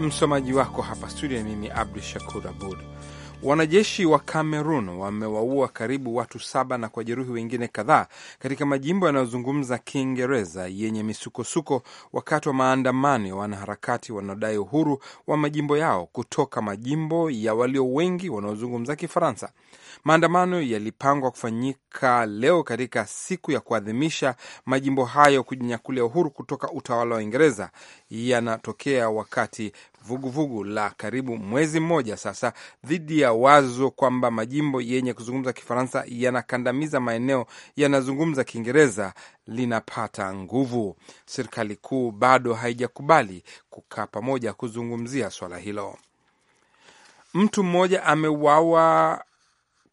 Msomaji wako hapa studio ni mimi Abdu Shakur Abud. Wanajeshi wa Kamerun wamewaua karibu watu saba na kujeruhi wengine kadhaa katika majimbo yanayozungumza Kiingereza yenye misukosuko wakati wa maandamano ya wanaharakati wanaodai uhuru wa majimbo yao kutoka majimbo ya walio wengi wanaozungumza Kifaransa. Maandamano yalipangwa kufanyika leo katika siku ya kuadhimisha majimbo hayo kujinyakulia uhuru kutoka utawala wa Uingereza. Yanatokea wakati vuguvugu vugu la karibu mwezi mmoja sasa dhidi ya wazo kwamba majimbo yenye kuzungumza Kifaransa yanakandamiza maeneo yanazungumza Kiingereza linapata nguvu. Serikali kuu bado haijakubali kukaa pamoja kuzungumzia swala hilo. Mtu mmoja ameuawa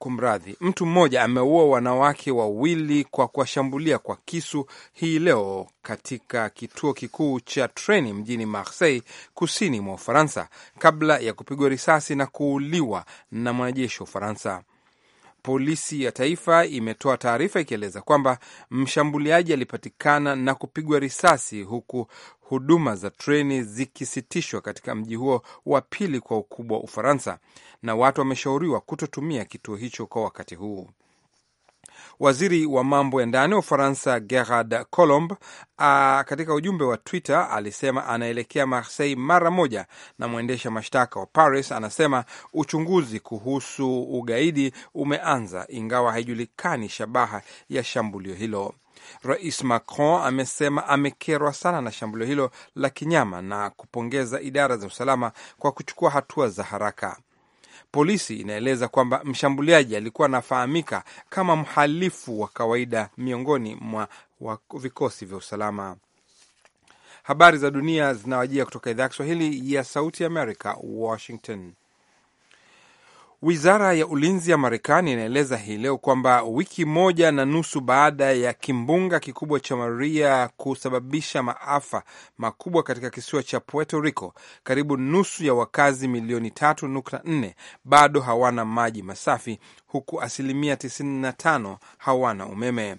Kumradhi, mtu mmoja ameua wanawake wawili kwa kuwashambulia kwa kisu hii leo katika kituo kikuu cha treni mjini Marseille, kusini mwa Ufaransa, kabla ya kupigwa risasi na kuuliwa na mwanajeshi wa Ufaransa. Polisi ya taifa imetoa taarifa ikieleza kwamba mshambuliaji alipatikana na kupigwa risasi, huku huduma za treni zikisitishwa katika mji huo wa pili kwa ukubwa wa Ufaransa, na watu wameshauriwa kutotumia kituo hicho kwa wakati huu. Waziri wa mambo ya ndani wa Ufaransa Gerard Colomb a, katika ujumbe wa Twitter alisema anaelekea Marseille mara moja, na mwendesha mashtaka wa Paris anasema uchunguzi kuhusu ugaidi umeanza, ingawa haijulikani shabaha ya shambulio hilo. Rais Macron amesema amekerwa sana na shambulio hilo la kinyama na kupongeza idara za usalama kwa kuchukua hatua za haraka. Polisi inaeleza kwamba mshambuliaji alikuwa anafahamika kama mhalifu wa kawaida miongoni mwa vikosi vya usalama. Habari za dunia zinawajia kutoka idhaa ya Kiswahili ya Sauti ya Amerika, Washington. Wizara ya ulinzi ya Marekani inaeleza hii leo kwamba wiki moja na nusu baada ya kimbunga kikubwa cha Maria kusababisha maafa makubwa katika kisiwa cha Puerto Rico, karibu nusu ya wakazi milioni 3.4 bado hawana maji masafi, huku asilimia 95 hawana umeme.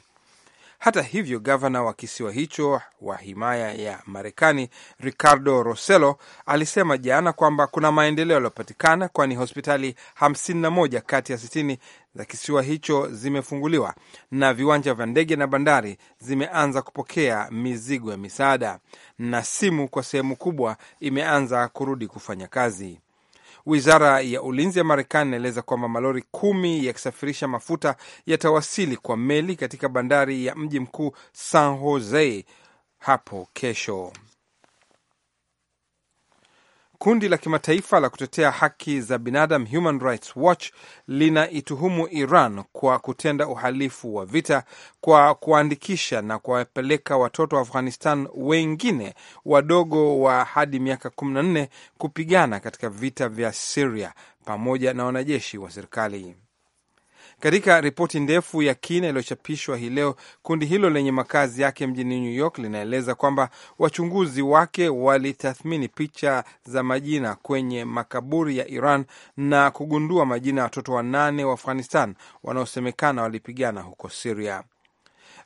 Hata hivyo, gavana wa kisiwa hicho wa himaya ya Marekani Ricardo roselo alisema jana kwamba kuna maendeleo yaliyopatikana, kwani hospitali 51 kati ya 60 za kisiwa hicho zimefunguliwa na viwanja vya ndege na bandari zimeanza kupokea mizigo ya misaada na simu kwa sehemu kubwa imeanza kurudi kufanya kazi. Wizara ya ulinzi ya Marekani inaeleza kwamba malori kumi yakisafirisha mafuta yatawasili kwa meli katika bandari ya mji mkuu San Jose hapo kesho. Kundi la kimataifa la kutetea haki za binadamu Human Rights Watch linaituhumu Iran kwa kutenda uhalifu wa vita kwa kuandikisha na kuwapeleka watoto wa Afghanistan wengine wadogo wa hadi miaka 14 kupigana katika vita vya Siria pamoja na wanajeshi wa serikali. Katika ripoti ndefu ya kina iliyochapishwa hii leo, kundi hilo lenye makazi yake mjini New York linaeleza kwamba wachunguzi wake walitathmini picha za majina kwenye makaburi ya Iran na kugundua majina ya watoto wanane wa Afghanistan wanaosemekana walipigana huko Siria.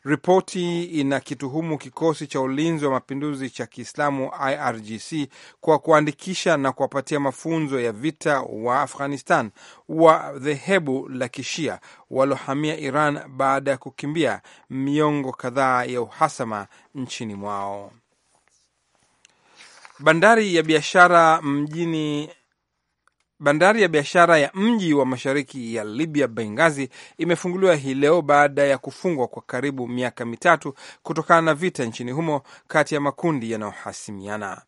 Ripoti inakituhumu kikosi cha ulinzi wa mapinduzi cha Kiislamu IRGC kwa kuandikisha na kuwapatia mafunzo ya vita wa Afghanistan wa dhehebu la Kishia waliohamia Iran baada ya kukimbia miongo kadhaa ya uhasama nchini mwao. Bandari ya biashara mjini Bandari ya biashara ya mji wa mashariki ya Libya, Bengazi, imefunguliwa hii leo baada ya kufungwa kwa karibu miaka mitatu kutokana na vita nchini humo kati ya makundi yanayohasimiana.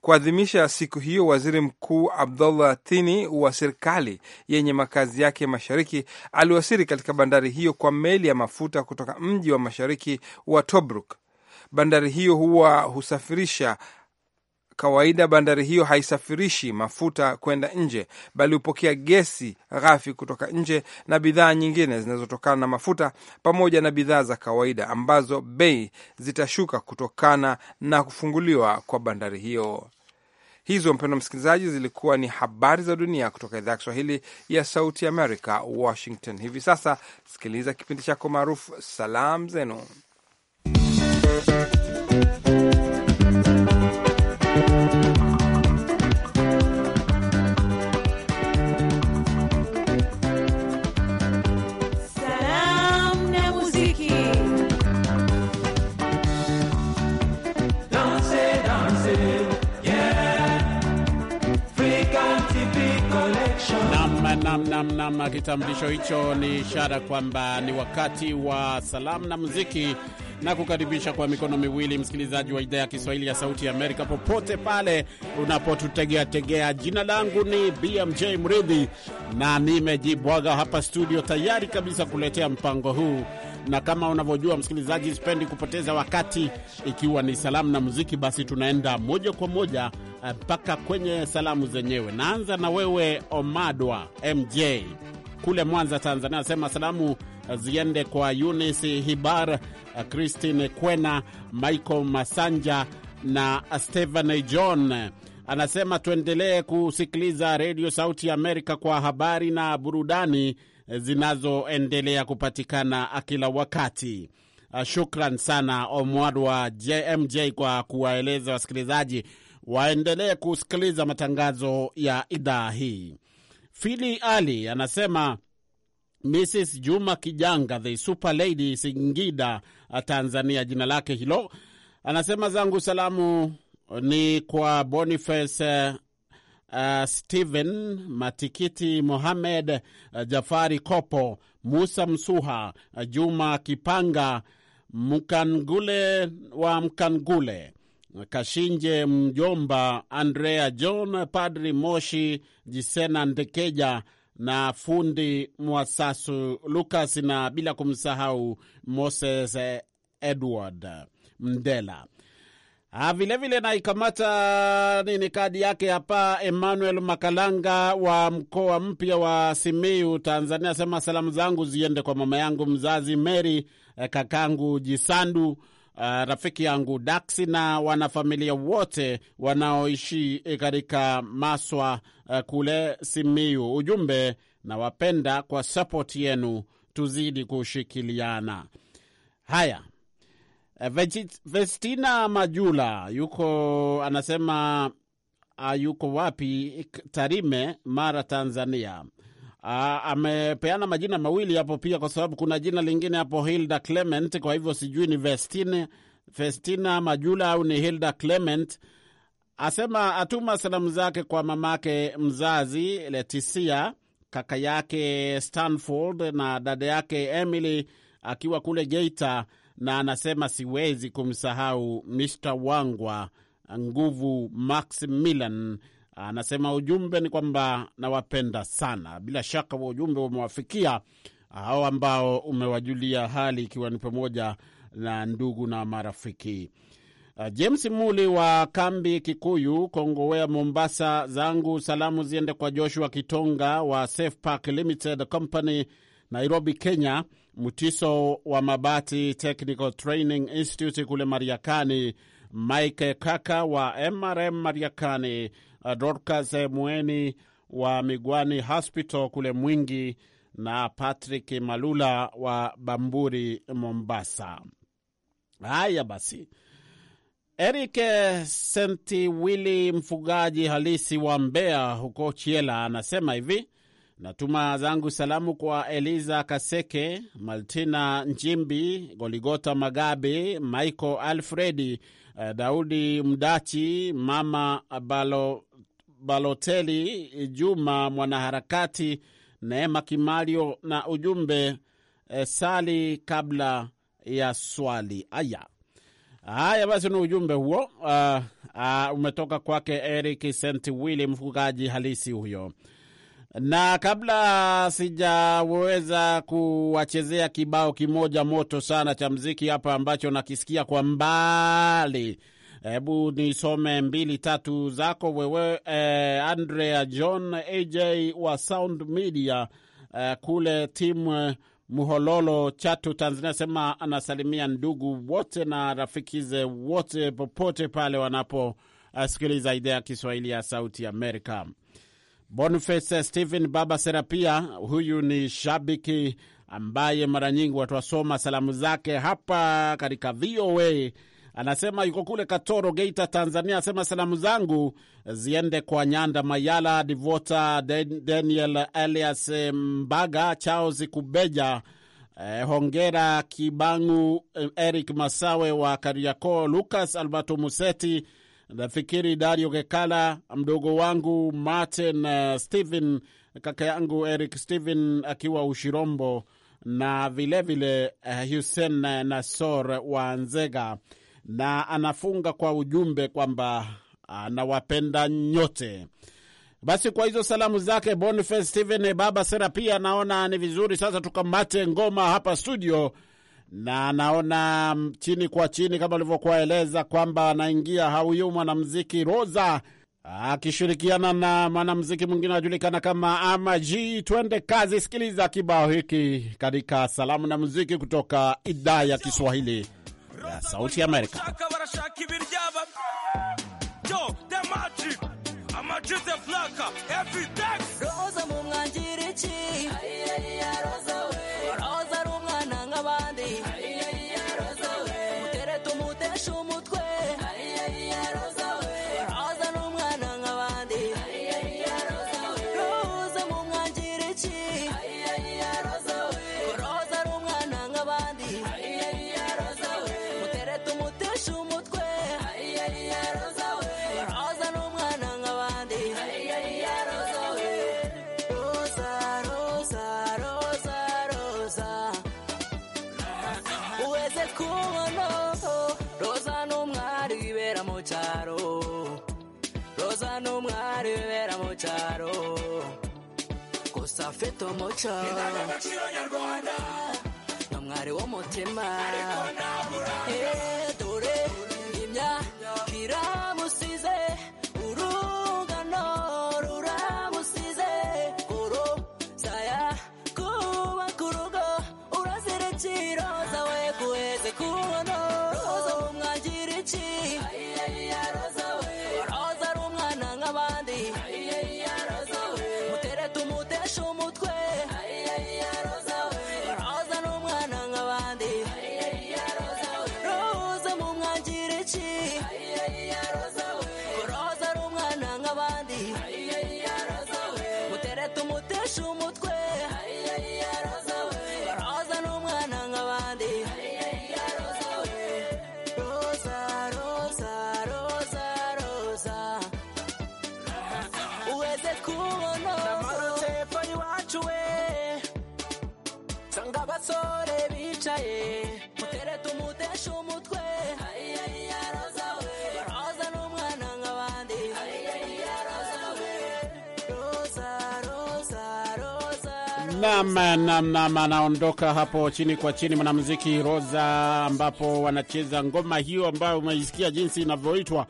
Kuadhimisha siku hiyo, waziri mkuu Abdullah Thini wa serikali yenye makazi yake mashariki aliwasili katika bandari hiyo kwa meli ya mafuta kutoka mji wa mashariki wa Tobruk. Bandari hiyo huwa husafirisha kawaida bandari hiyo haisafirishi mafuta kwenda nje, bali hupokea gesi ghafi kutoka nje na bidhaa nyingine zinazotokana na mafuta pamoja na bidhaa za kawaida ambazo bei zitashuka kutokana na kufunguliwa kwa bandari hiyo. Hizo, mpendwa msikilizaji, zilikuwa ni habari za dunia kutoka idhaa ya Kiswahili ya Sauti Amerika, Washington. Hivi sasa sikiliza kipindi chako maarufu salam Zenu. namnam nam. Kitambulisho hicho ni ishara kwamba ni wakati wa salamu na muziki, na kukaribisha kwa mikono miwili msikilizaji wa idhaa ya Kiswahili ya Sauti ya Amerika popote pale unapotutegeategea. Jina langu ni BMJ Mridhi na nimejibwaga hapa studio tayari kabisa kuletea mpango huu na kama unavyojua msikilizaji, sipendi kupoteza wakati. Ikiwa ni salamu na muziki, basi tunaenda moja kwa moja Eh, mpaka kwenye salamu zenyewe. Naanza na wewe Omadwa MJ kule Mwanza, Tanzania, asema salamu eh, ziende kwa Eunice Hibar, eh, Christine Kwena, Michael Masanja na Stephen John. Anasema tuendelee kusikiliza redio Sauti ya Amerika kwa habari na burudani zinazoendelea kupatikana ah, kila wakati. Ah, shukran sana Omwadwa JMJ kwa kuwaeleza wasikilizaji waendelee kusikiliza matangazo ya idhaa hii. Fili Ali anasema Mrs Juma Kijanga, the super lady, Singida, Tanzania, jina lake hilo. Anasema zangu salamu ni kwa Boniface Uh, Steven Matikiti, Mohamed uh, Jafari Kopo, Musa Msuha, uh, Juma Kipanga, Mkangule wa Mkangule, Kashinje, mjomba Andrea John, Padri Moshi Jisena Ndekeja na fundi Mwasasu lukas na bila kumsahau Moses eh, Edward Mdela. Vilevile ah, vile naikamata nini kadi yake hapa. Emmanuel Makalanga wa mkoa mpya wa Simiu, Tanzania, asema salamu zangu ziende kwa mama yangu mzazi Mary, eh, kakangu Jisandu uh, rafiki yangu Daksi na wanafamilia wote wanaoishi e, katika Maswa uh, kule Simiu. Ujumbe nawapenda kwa sapoti yenu, tuzidi kushikiliana. Haya, uh, Vestina Majula yuko anasema, uh, yuko wapi? Tarime, Mara, Tanzania. Uh, amepeana majina mawili hapo pia, kwa sababu kuna jina lingine hapo Hilda Clement. Kwa hivyo sijui ni Vestine, Festina Majula au ni Hilda Clement. Asema atuma salamu zake kwa mamake mzazi Leticia, kaka yake Stanford na dada yake Emily akiwa kule Geita, na anasema siwezi kumsahau Mr. Wangwa Nguvu max Maximilian Anasema ujumbe ni kwamba nawapenda sana. Bila shaka wa ujumbe umewafikia hao ambao umewajulia hali, ikiwa ni pamoja na ndugu na marafiki. Uh, James Muli wa kambi Kikuyu Kongowea, Mombasa, zangu salamu ziende kwa Joshua Kitonga wa Safe Park Limited Company Nairobi, Kenya, Mutiso wa Mabati Technical Training Institute kule Mariakani, Mike Kaka wa MRM Mariakani, Uh, Dorcas Mueni wa Migwani Hospital kule Mwingi na Patrick Malula wa Bamburi, Mombasa. Haya basi, Eric willi mfugaji halisi wa Mbeya huko Chiela, anasema hivi: natuma zangu salamu kwa Eliza Kaseke, Maltina Njimbi, Goligota magabi Michael Alfredi Eh, Daudi Mdachi, Mama Balo, Baloteli, Juma mwanaharakati, Neema Kimario na ujumbe e, sali kabla ya swali. Aya haya, basi ni ujumbe huo uh, uh, umetoka kwake Eric st Willi, mfugaji halisi huyo na kabla sijaweza kuwachezea kibao kimoja moto sana cha mziki hapa ambacho nakisikia kwa mbali, hebu nisome mbili tatu zako wewe eh, Andrea John AJ wa Sound Media eh, kule timu Muhololo Chatu, Tanzania, sema anasalimia ndugu wote na rafikize wote popote pale wanaposikiliza eh, idhaa ya Kiswahili ya Sauti Amerika. Boniface Stephen Baba Serapia, huyu ni shabiki ambaye mara nyingi watuwasoma salamu zake hapa katika VOA. Anasema yuko kule Katoro, Geita, Tanzania. Asema salamu zangu ziende kwa Nyanda Mayala, Divota Daniel, Elias Mbaga, Charles Kubeja, eh, hongera Kibangu, eh, Eric Masawe wa Kariakoo, Lucas Alberto Museti nafikiri Dario Gekala, mdogo wangu Martin uh, stehen kaka yangu Eric Steven akiwa Ushirombo, na vilevile vile, uh, Hussein Nasor wa Nzega, na anafunga kwa ujumbe kwamba anawapenda nyote. Basi kwa hizo salamu zake Boniface stehen baba Sera, pia naona ni vizuri sasa tukamate ngoma hapa studio na naona mm, chini kwa chini kama ulivyokuwaeleza kwamba anaingia huyu mwanamuziki Roza akishirikiana na mwanamuziki mwingine anajulikana kama amaj Twende kazi, sikiliza kibao hiki katika salamu na muziki kutoka idhaa ya Kiswahili ya Sauti Amerika. Amerika. 折磨。umuco ni Nam, nam, nam, anaondoka hapo chini kwa chini mwanamuziki Roza, ambapo wanacheza ngoma hiyo ambayo umeisikia jinsi inavyoitwa,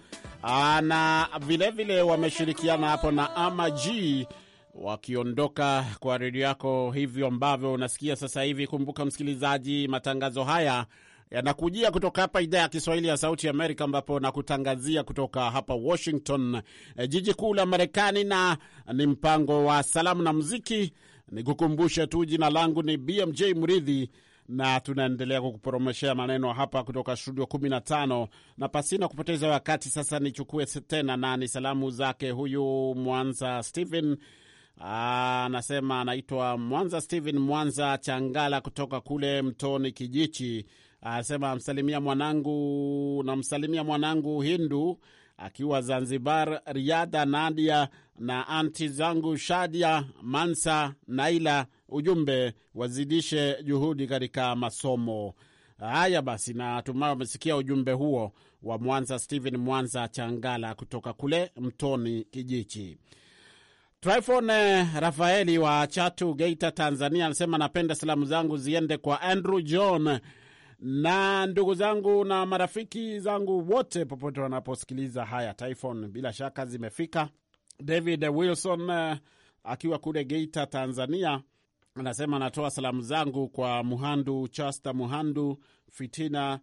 na vilevile wameshirikiana hapo na Ama G wakiondoka kwa redio yako, hivyo ambavyo unasikia sasa hivi. Kumbuka msikilizaji, matangazo haya yanakujia kutoka hapa idhaa ya Kiswahili ya Sauti Amerika, ambapo nakutangazia kutoka hapa Washington, eh, jiji kuu la Marekani, na ni mpango wa salamu na muziki Nikukumbushe tu jina langu ni BMJ Mridhi na tunaendelea kukuporomoshea maneno hapa kutoka studio 15 na pasina kupoteza wakati, sasa nichukue tena na ni salamu zake huyu Mwanza Stephen ah, anasema anaitwa Mwanza stehen Mwanza Changala kutoka kule Mtoni Kijichi. Anasema amsalimia mwanangu, namsalimia mwanangu Hindu akiwa Zanzibar, Riadha Nadia na anti zangu Shadia Mansa Naila, ujumbe wazidishe juhudi katika masomo haya. Basi natumai wamesikia ujumbe huo wa Mwanza Stephen Mwanza Changala kutoka kule Mtoni Kijichi. Trifon eh, Rafaeli wa Chatu, Geita, Tanzania anasema, napenda salamu zangu ziende kwa Andrew John na ndugu zangu na marafiki zangu wote popote wanaposikiliza haya, Typhoon bila shaka zimefika. David Wilson eh, akiwa kule Geita, Tanzania, anasema anatoa salamu zangu kwa Muhandu Chasta, Muhandu Fitina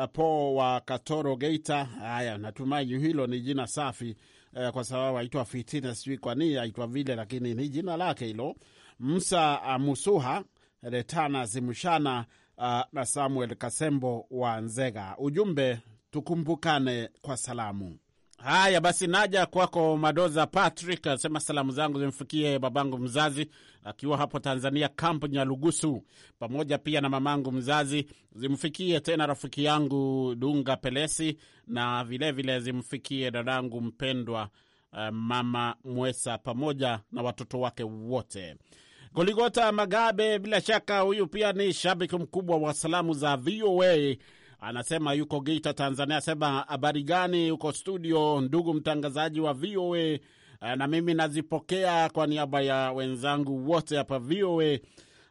eh, Po wa Katoro, Geita. Haya, natumai hilo ni jina safi eh, kwa sababu aitwa Fitina, sijui kwa nini aitwa vile, lakini ni jina lake hilo. Musa eh, Musuha Retana Zimushana uh, Samuel Kasembo wa Nzega. Ujumbe tukumbukane kwa salamu. Haya basi, naja kwako Madoza Patrick, asema salamu zangu zimfikie babangu mzazi akiwa hapo Tanzania, kampu Nyalugusu, pamoja pia na mamangu mzazi, zimfikie tena rafiki yangu Dunga Pelesi, na vilevile vile zimfikie dadangu mpendwa eh, mama Mwesa pamoja na watoto wake wote. Goligota Magabe, bila shaka huyu pia ni shabiki mkubwa wa salamu za VOA, anasema yuko Geita, Tanzania. Asema habari gani huko studio, ndugu mtangazaji wa VOA, na mimi nazipokea kwa niaba ya wenzangu wote hapa VOA.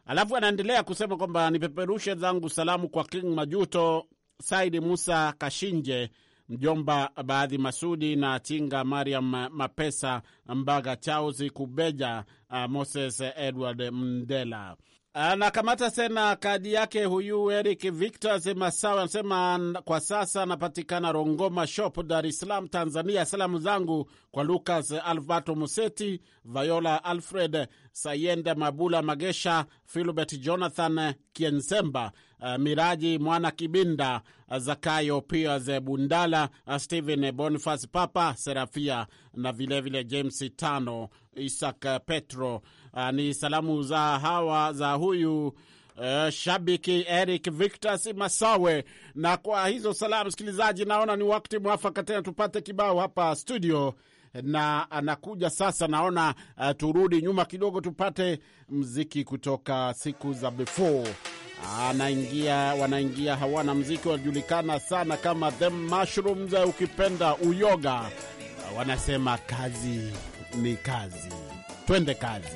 Alafu anaendelea kusema kwamba nipeperushe zangu salamu kwa King Majuto, Saidi Musa Kashinje mjomba Baadhi Masudi na Tinga Mariam Mapesa Mbaga Charles Kubeja uh, Moses Edward Mndela. Anakamata tena kadi yake huyu Eric Victor Masawe, anasema kwa sasa anapatikana Rongoma Shop, Dar es Salaam, Tanzania. Salamu zangu kwa Lucas Alvato Museti, Viola Alfred sayende Mabula Magesha, Filbert Jonathan Kiensemba, eh, Miraji Mwana Kibinda, Zakayo Pias Bundala, eh, Stephen bonifas Papa Serafia na vilevile vile James Tano, Isaac Petro Uh, ni salamu za hawa za huyu uh, shabiki Eric Victor Masawe. Na kwa hizo salamu, msikilizaji, naona ni wakati mwafaka tena tupate kibao hapa studio na anakuja sasa. Naona uh, turudi nyuma kidogo tupate mziki kutoka siku za before. Anaingia, wanaingia hawana mziki, wanajulikana sana kama the Mushrooms, eh, ukipenda uyoga. Wanasema kazi ni kazi, twende kazi.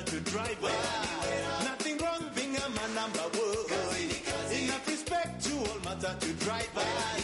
learn to drive well. Nothing wrong being a man number one. Enough respect to all matter to drive well.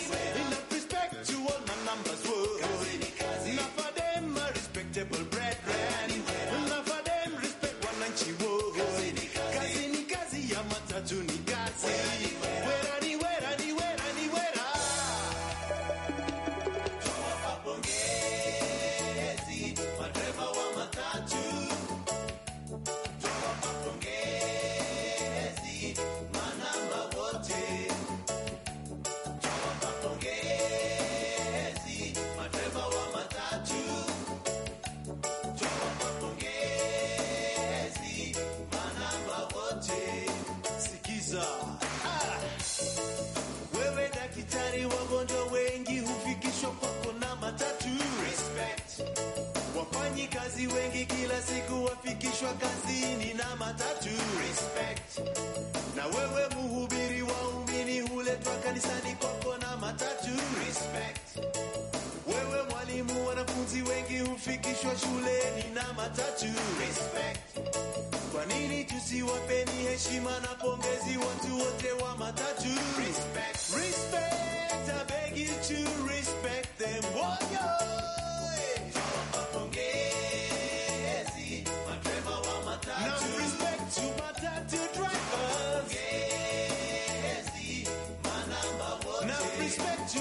Nikiwa shule nina matatu. Respect. Kwa nini tusiwapeni heshima na pongezi watu wote wa matatu? Respect. Respect, I beg you to respect them. Wapongezi, wa matatu. respect matatu drivers. wote. respect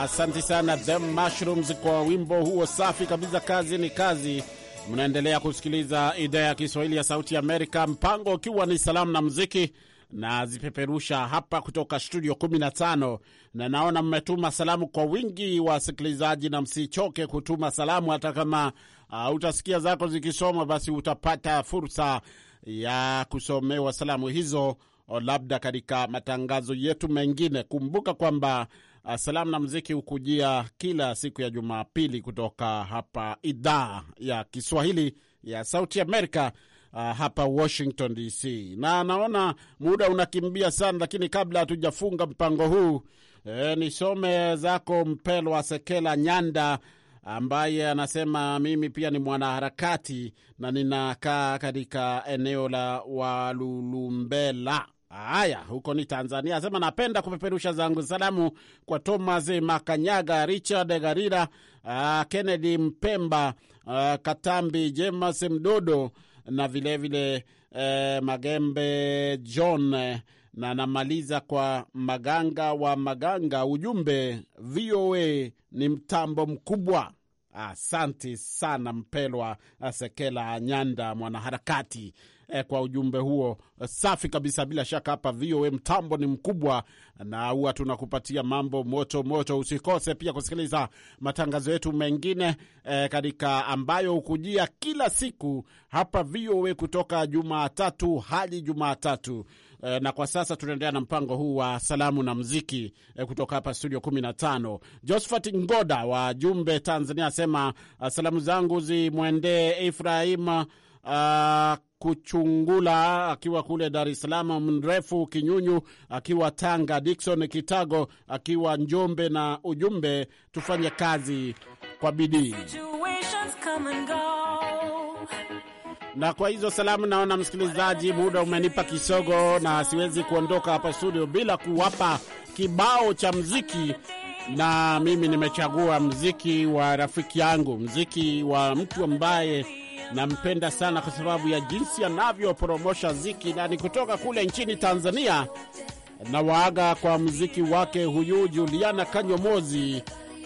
Asante sana The Mushrooms kwa wimbo huo safi kabisa, kazi ni kazi. Mnaendelea kusikiliza idhaa ya Kiswahili ya Sauti Amerika, mpango ukiwa ni salamu na muziki na zipeperusha hapa kutoka studio 15 na naona mmetuma salamu kwa wingi wasikilizaji, na msichoke kutuma salamu. Hata kama uh, utasikia zako zikisoma, basi utapata fursa ya kusomewa salamu hizo, labda katika matangazo yetu mengine. Kumbuka kwamba Ah, salamu na muziki hukujia kila siku ya Jumapili kutoka hapa idhaa ya Kiswahili ya Sauti Amerika, ah, hapa Washington DC. Na naona muda unakimbia sana, lakini kabla hatujafunga mpango huu e, nisome zako Mpelwa Sekela Nyanda ambaye anasema mimi pia ni mwanaharakati na ninakaa katika eneo la Walulumbela Haya, huko ni Tanzania, asema napenda kupeperusha zangu salamu kwa Thomas Makanyaga, Richard Garira, uh, Kennedy Mpemba, uh, Katambi James Mdodo na vilevile vile, uh, Magembe John na namaliza kwa Maganga wa Maganga. Ujumbe VOA ni mtambo mkubwa. Asante sana Mpelwa Sekela Nyanda, mwanaharakati eh, kwa ujumbe huo safi kabisa. Bila shaka hapa VOA mtambo ni mkubwa na huwa tunakupatia mambo moto moto. Usikose pia kusikiliza matangazo yetu mengine eh, katika ambayo hukujia kila siku hapa VOA kutoka Jumatatu hadi Jumatatu eh, na kwa sasa tunaendelea na mpango huu wa salamu na mziki eh, kutoka hapa studio 15. Josephat Ngoda wa Jumbe, Tanzania, asema ah, salamu zangu zimwendee Ifrahim uh, ah, Kuchungula akiwa kule Dar es Salaam, Mrefu Kinyunyu akiwa Tanga, dikson Kitago akiwa Njombe, na ujumbe tufanye kazi kwa bidii. Na kwa hizo salamu, naona msikilizaji, muda umenipa kisogo, na siwezi kuondoka hapa studio bila kuwapa kibao cha mziki na mimi nimechagua mziki wa rafiki yangu, mziki wa mtu ambaye nampenda sana kwa sababu ya jinsi anavyoporomosha ziki na ni kutoka kule nchini Tanzania. Na waaga kwa muziki wake huyu Juliana Kanyomozi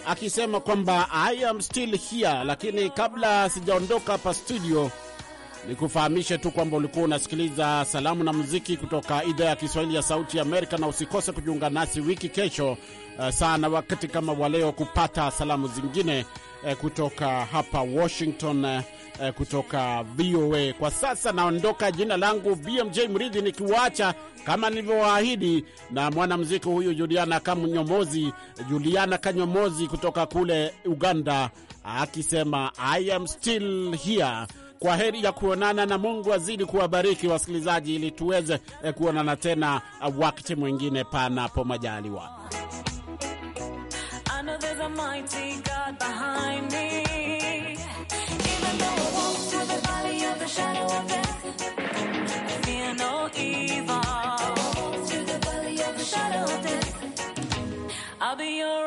akisema kwamba I am still here. Lakini kabla sijaondoka hapa studio, nikufahamishe tu kwamba ulikuwa unasikiliza salamu na muziki kutoka idhaa ya Kiswahili ya Sauti ya Amerika, na usikose kujiunga nasi wiki kesho eh, sana wakati kama waleo kupata salamu zingine eh, kutoka hapa Washington eh, eh, kutoka VOA. Kwa sasa naondoka, jina langu BMJ Mridhi, nikiwaacha kama nilivyowaahidi na mwanamuziki huyu Juliana Kamnyomozi, Juliana Kanyomozi kutoka kule Uganda, akisema I am still here. Kwa heri ya kuonana na Mungu azidi kuwabariki wasikilizaji, ili tuweze eh, kuonana tena eh, wakati mwingine, panapo majaliwa. I'll be your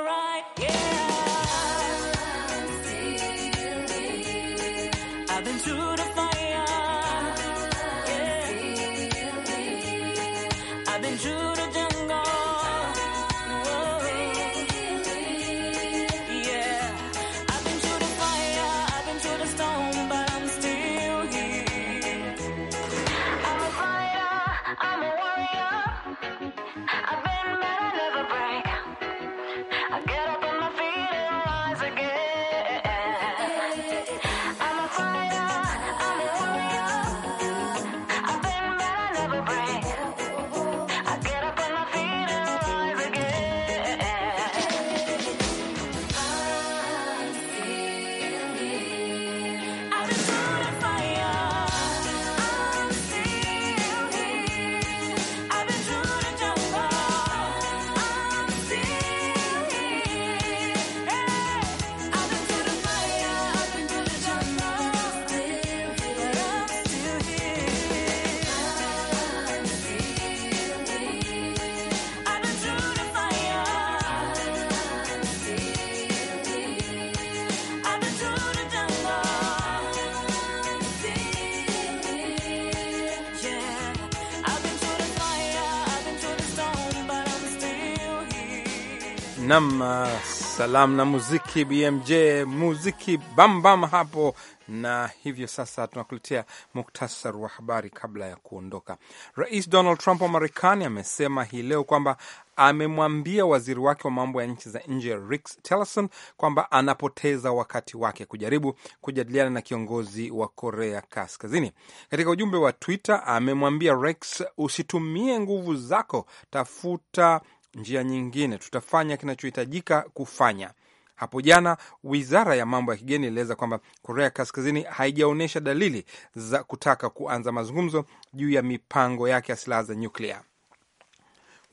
Salamu na muziki, BMJ muziki bambam bam hapo. Na hivyo sasa tunakuletea muktasar wa habari kabla ya kuondoka. Rais Donald Trump wa Marekani amesema hii leo kwamba amemwambia waziri wake wa mambo ya nchi za nje Rex Tillerson kwamba anapoteza wakati wake kujaribu kujadiliana na kiongozi wa Korea Kaskazini. Katika ujumbe wa Twitter amemwambia Rex, usitumie nguvu zako, tafuta njia nyingine, tutafanya kinachohitajika kufanya. Hapo jana wizara ya mambo ya kigeni ilieleza kwamba Korea Kaskazini haijaonyesha dalili za kutaka kuanza mazungumzo juu ya mipango yake ya silaha za nyuklia.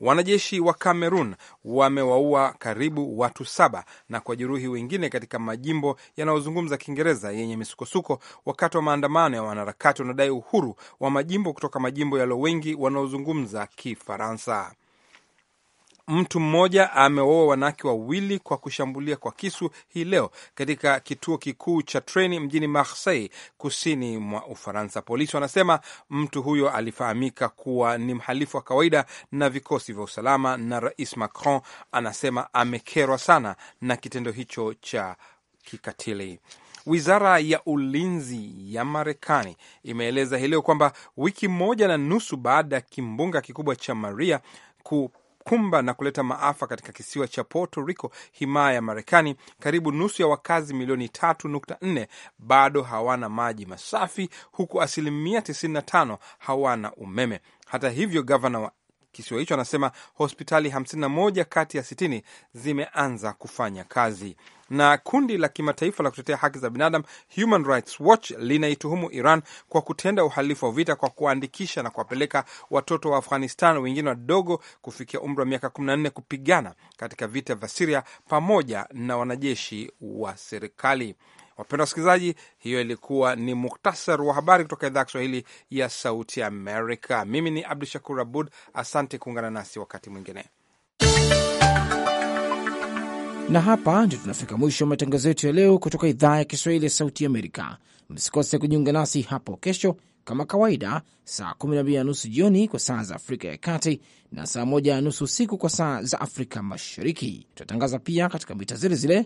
Wanajeshi wa Kamerun wamewaua karibu watu saba na jeruhi wengine katika majimbo yanayozungumza Kiingereza yenye misukosuko wakati wa maandamano ya wanaharakati wanaodai uhuru wa majimbo kutoka majimbo yaliyo wengi wanaozungumza Kifaransa. Mtu mmoja ameoa wanawake wawili kwa kushambulia kwa kisu hii leo katika kituo kikuu cha treni mjini Marseille, kusini mwa Ufaransa. Polisi wanasema mtu huyo alifahamika kuwa ni mhalifu wa kawaida na vikosi vya usalama, na Rais Macron anasema amekerwa sana na kitendo hicho cha kikatili. Wizara ya ulinzi ya Marekani imeeleza hii leo kwamba wiki moja na nusu baada ya kimbunga kikubwa cha Maria ku kukumba na kuleta maafa katika kisiwa cha Puerto Rico, himaya ya Marekani. Karibu nusu ya wakazi milioni 3.4 bado hawana maji masafi, huku asilimia 95 hawana umeme. Hata hivyo, gavana wa kisiwa hicho, anasema hospitali 51 kati ya 60 zimeanza kufanya kazi. Na kundi la kimataifa la kutetea haki za binadamu Human Rights Watch linaituhumu Iran kwa kutenda uhalifu wa vita kwa kuwaandikisha na kuwapeleka watoto wa Afghanistan wengine wadogo kufikia umri wa miaka 14 kupigana katika vita vya Siria pamoja na wanajeshi wa serikali. Wapenda wasikilizaji, hiyo ilikuwa ni muktasar wa habari kutoka idhaa ya Kiswahili ya Sauti Amerika. Mimi ni Abdu Shakur Abud, asante kuungana nasi wakati mwingine. Na hapa ndio tunafika mwisho wa matangazo yetu ya leo kutoka idhaa ya Kiswahili ya Sauti Amerika. Msikose kujiunga nasi hapo kesho kama kawaida, saa 12 na nusu jioni kwa saa za Afrika ya Kati na saa 1 na nusu usiku kwa saa za Afrika Mashariki. tunatangaza pia katika mita zile zile